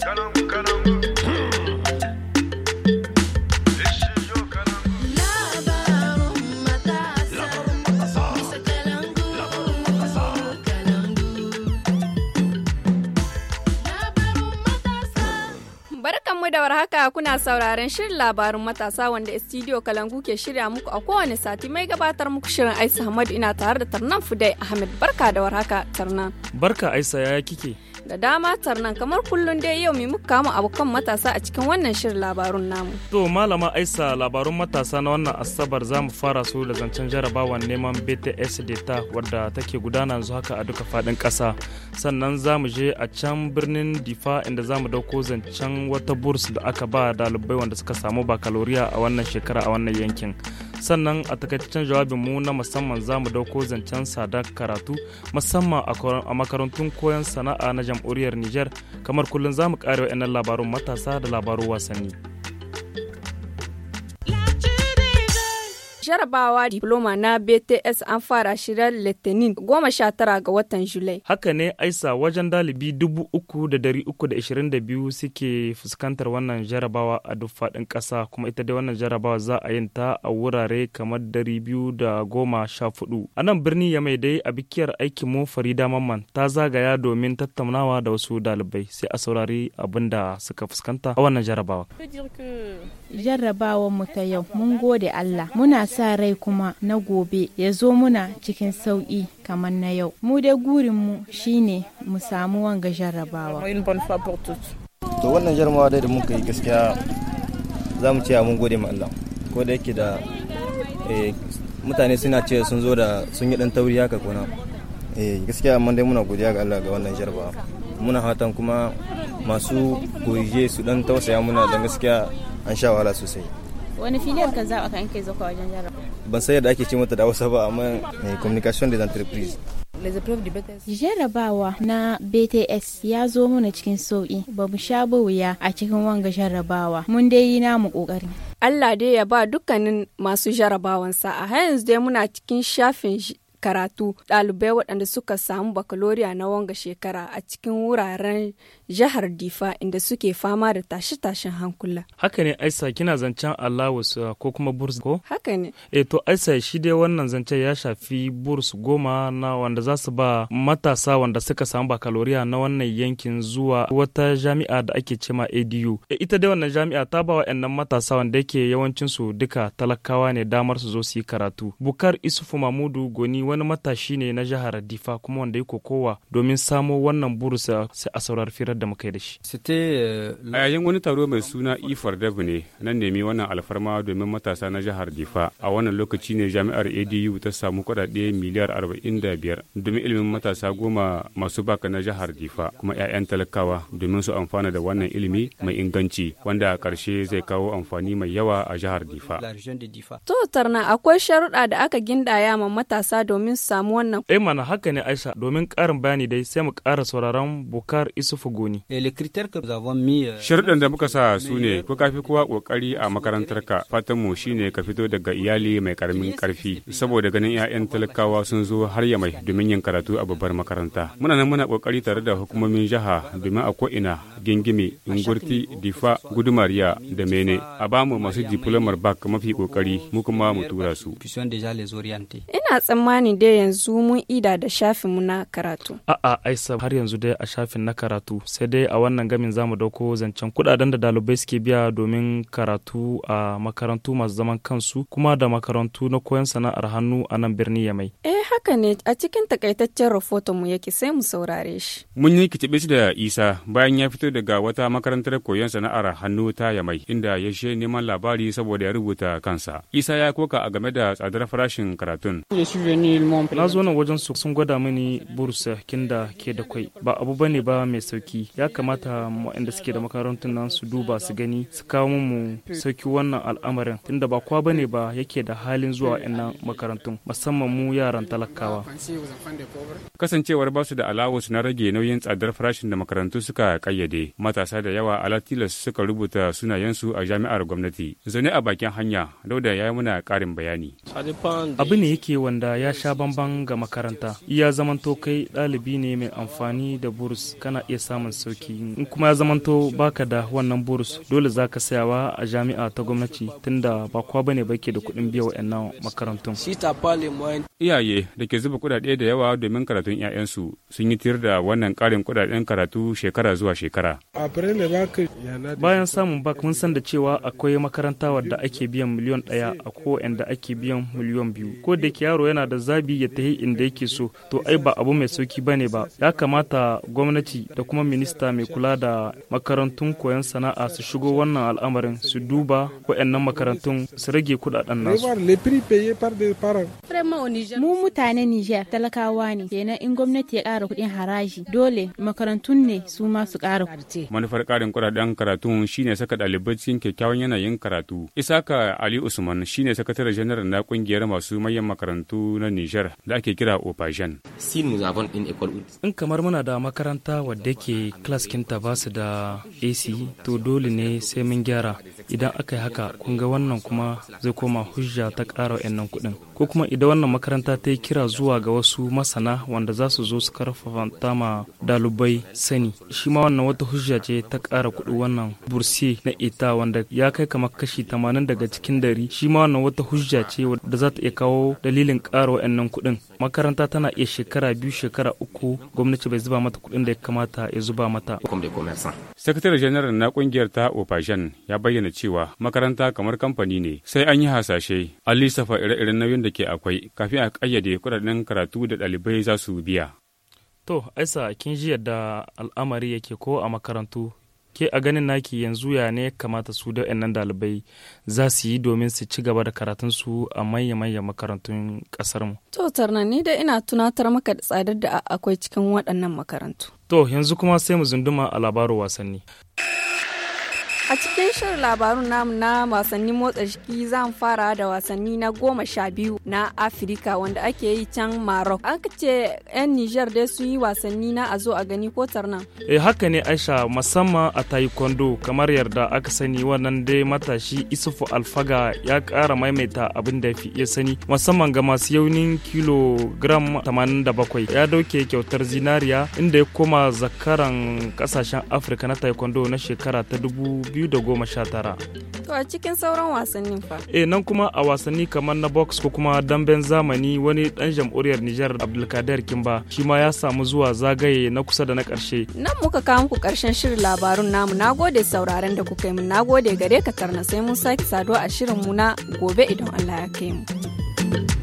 Caramba, caramba. barkamu da warhaka kuna sauraren shirin labarin matasa wanda studio Kalangu ke shirya muku a kowane sati mai gabatar muku shirin Aisa Hamad ina tare da Tarnan Fudai Ahmed barka da warhaka Tarnan. Barka Aisa yaya kike? Da dama Tarnan kamar kullum dai yau mai muku kama abokan matasa a cikin wannan shirin labarun namu. To malama Aisa labarun matasa na wannan asabar za mu fara su da zancen jarabawa neman BTS data wadda take gudana yanzu haka a duka fadin kasa Sannan za mu je a can birnin Difa inda za mu dauko zancen wata bursa murabus da aka ba dalibai wanda suka samu bakaloriya a wannan shekara a wannan yankin sannan a takaitaccen jawabin mu na musamman za mu dauko zancen sadar karatu musamman a makarantun koyon sana'a na jamhuriyar niger kamar kullum za mu karewa 'yan labarun matasa da labarun wasanni Jarabawa diploma na BTS an fara shirar Litinin goma sha tara ga watan Julai. Haka ne aisa wajen dalibi dubu uku da dari uku da ishirin da biyu suke fuskantar wannan jarabawa a duk faɗin ƙasa kuma ita dai wannan jarabawa za a yin ta a wurare kamar dari biyu da goma sha fudu. A nan birni ya mai dai a bikiyar aikin mu Farida Mamman ta zagaya domin tattaunawa da wasu dalibai sai a saurari abin da suka fuskanta a wannan jarabawa. mu ta yau mun gode Allah muna sa rai kuma na gobe ya zo muna cikin sauƙi kamar na yau. Mu gurin gurinmu shine mu samu wanga jarrabawa. To wannan jarmawa dai da muka yi gaskiya za mu ce mun gode ma Allah. Ko da yake da eh, mutane suna ce sun zo da sun yi dan tauri haka kona. Eh gaskiya amma dai muna godiya ga Allah ga wannan jarrabawa. Muna hatan kuma masu goje su dan tausaya muna da gaskiya an sha wahala sosai. wani filiyar ka zaɓa kan kai zuwa wajen jarabawa ban san yadda ake ce mata da wasa ba amma eh, communication des entreprises Jarabawa na BTS ya zo mana cikin sauƙi, ba mu sha ba wuya a cikin wanga jarabawa, mun dai yi namu ƙoƙari. Allah dai ya ba dukkanin masu jarabawan sa'a, har yanzu dai muna cikin shafin karatu ɗalibai waɗanda suka samu bakaloriya na wanga shekara a cikin wuraren jihar difa inda suke fama da tashe-tashen hankula. haka ne aisa kina zancen allowus uh, ko kuma burs ko? haka ne. e to aisa shi dai wannan zancen ya shafi burs goma na wanda za su ba matasa wanda suka samu bakaloriya na wannan yankin zuwa wata jami'a da ake cema adu e, eh, ita dai wannan jami'a ta ba wa matasa wanda yake yawancinsu duka talakawa ne damar su zo su yi karatu bukar isufu mamudu goni wani matashi ne na jihar Difa kuma wanda ya kokowa domin samo wannan burusa eh, a saurar firar da muka yi da shi. Euh, a yayin wani taro mai suna Ifar e Dev ne na nemi wannan alfarma domin matasa na jihar Difa. A wannan lokaci ne jami'ar ADU ta samu kuɗaɗe miliyar arba'in da biyar domin ilimin matasa goma masu baka na jihar Difa kuma 'ya'yan talakawa domin su amfana da wannan ilimi mai inganci wanda a ƙarshe zai kawo amfani mai yawa a jihar Difa. To akwai sharuɗa da aka gindaya ma matasa domin domin samu wannan. Ai eh mana haka ne Aisha domin karin bayani dai sai mu ƙara sauraron Bukar Isufu Goni. Eh, euh, Sharuɗan da muka sa su ne ko ka kowa ƙoƙari a makarantar ka fatan mu shine ka fito daga iyali mai ƙaramin ƙarfi saboda ganin 'ya'yan talakawa sun zo har ya mai domin yin karatu a babbar makaranta. Muna nan muna ƙoƙari tare da hukumomin jiha domin a ko'ina gingimi, ingurti, difa, gudumariya da mene a ba mu masu diplomar bak mafi ƙoƙari mu kuma mu tura su. Ina tsammani ni dai yanzu mun ida da shafin mu na karatu. A'a Aisa har yanzu dai a shafin na karatu sai dai a wannan gamin zamu dauko zancen kudaden da dalibai suke biya domin karatu a makarantu masu zaman kansu kuma da makarantu na koyon sana'ar hannu a nan birni mai. Eh haka ne a cikin takaitaccen rahoton mu yake sai mu saurare shi. Mun yi kitibici da Isa bayan ya fito daga wata makarantar koyon sana'ar hannu ta Yamai inda ya she neman labari saboda ya rubuta kansa. Isa ya koka a game da tsadar farashin karatun. na zo nan wajen su sun gwada mini bursa kinda ke da kwai ba abu bane ba mai sauki ya kamata waɗanda suke da makarantun nan su duba su gani su kawo mu sauki wannan al'amarin tunda ba kwa bane ba yake da halin zuwa waɗannan makarantun musamman mu yaran talakawa kasancewar ba su da su na rage nauyin tsadar farashin da makarantu suka kayyade matasa da yawa alatilas suka rubuta sunayensu a jami'ar gwamnati zaune a bakin hanya dauda ya yi muna karin bayani abu ne yake wanda ya sha sha bamban ga makaranta iya zamanto kai ɗalibi ne mai amfani da burus kana iya samun sauki in kuma ya zamanto baka da wannan burus dole zaka sayawa a jami'a ta gwamnati tunda ba kwa bane ba ke da kuɗin biya wa'annan makarantun iyaye da ke zuba kuɗaɗe da yawa domin karatun 'ya'yansu sun yi tir da wannan ƙarin kuɗaɗen karatu shekara zuwa shekara bayan samun bak mun san da cewa akwai makaranta wadda ake biyan miliyon ɗaya a ko da ake biyan miliyon biyu ko da yaro yana da zari rabi ya tahi inda yake so to ai ba abu mai sauki ne ba ya kamata gwamnati da kuma minista mai kula da makarantun koyon sana'a su shigo wannan al'amarin su duba waɗannan makarantun su rage kuɗaɗen nasu mu mutanen niger talakawa ne kenan in gwamnati ya ƙara kuɗin haraji dole makarantun ne su ma su ƙara manufar ƙarin kuɗaɗen karatu shine saka ɗalibai cikin kyakkyawan yanayin karatu isaka ali usman shine sakataren janar na ƙungiyar masu manyan makarantu na Nijar Nijar da ake kira Opajan. In kamar muna da makaranta wadda ke klaskinta ba su da AC to dole ne sai mun gyara idan aka yi haka kun ga wannan kuma zai koma hujja ta ƙara nan kuɗin. Ko kuma idan wannan makaranta ta yi kira zuwa ga wasu masana wanda za su zo su karfafa ma dalibai sani shi ma wannan wata hujja ce ta ƙara kuɗi wannan bursi na ita wanda ya kai kamar kashi 80 daga cikin dari shi ma wannan wata hujja ce da za ta iya kawo dalilin ƙara waɗannan kuɗin makaranta tana iya shekara biyu shekara uku gwamnati bai zuba mata kuɗin da ya kamata ya zuba mata sakatare janar na kungiyar ta opashan ya bayyana cewa makaranta kamar kamfani ne sai an yi hasashe an lissafa ire-iren nauyin da ke akwai kafin a ƙayyade kuɗaɗen karatu da ɗalibai za su biya to aisa kin ji yadda al'amari yake ko a makarantu ke a ganin naki yanzu ya ne ya kamata su da nan dalibai za su yi domin su ci gaba da karatun su a manya manyan makarantun kasar mu to tarna ni da ina tunatar maka da tsadar da akwai cikin waɗannan makarantu to yanzu kuma sai mu zunduma a labarin wasanni A cikin shirin labarun namu na wasannin motsa jiki zan fara da wasanni na goma sha biyu na afirika wanda ake yi can Maroc. An ce 'yan Nijar dai sun yi wasanni na a zo a gani ko tarnan. E eh, haka ne Aisha musamman a taekwondo kamar yarda aka sani wannan dai matashi Isufu Alfaga ya kara maimaita abin da fi iya sani musamman ga masu yaunin kilogram bakwai ya dauke kyautar zinariya inda ya koma zakaran kasashen Afirka na taekwondo na shekara ta dubu 2019 to a cikin sauran wasannin fa eh nan kuma a wasanni kamar na box ko kuma damben zamani wani dan jam'uriyar Nijar Abdulkader Kimba shi ma ya samu zuwa zagaye na kusa da na karshe nan muka kawo muku karshen shirin labarun namu na gode sauraren da kuka yi mu nagode gare ka sai mun sake saduwa a shirin mu na gobe idan Allah ya kai mu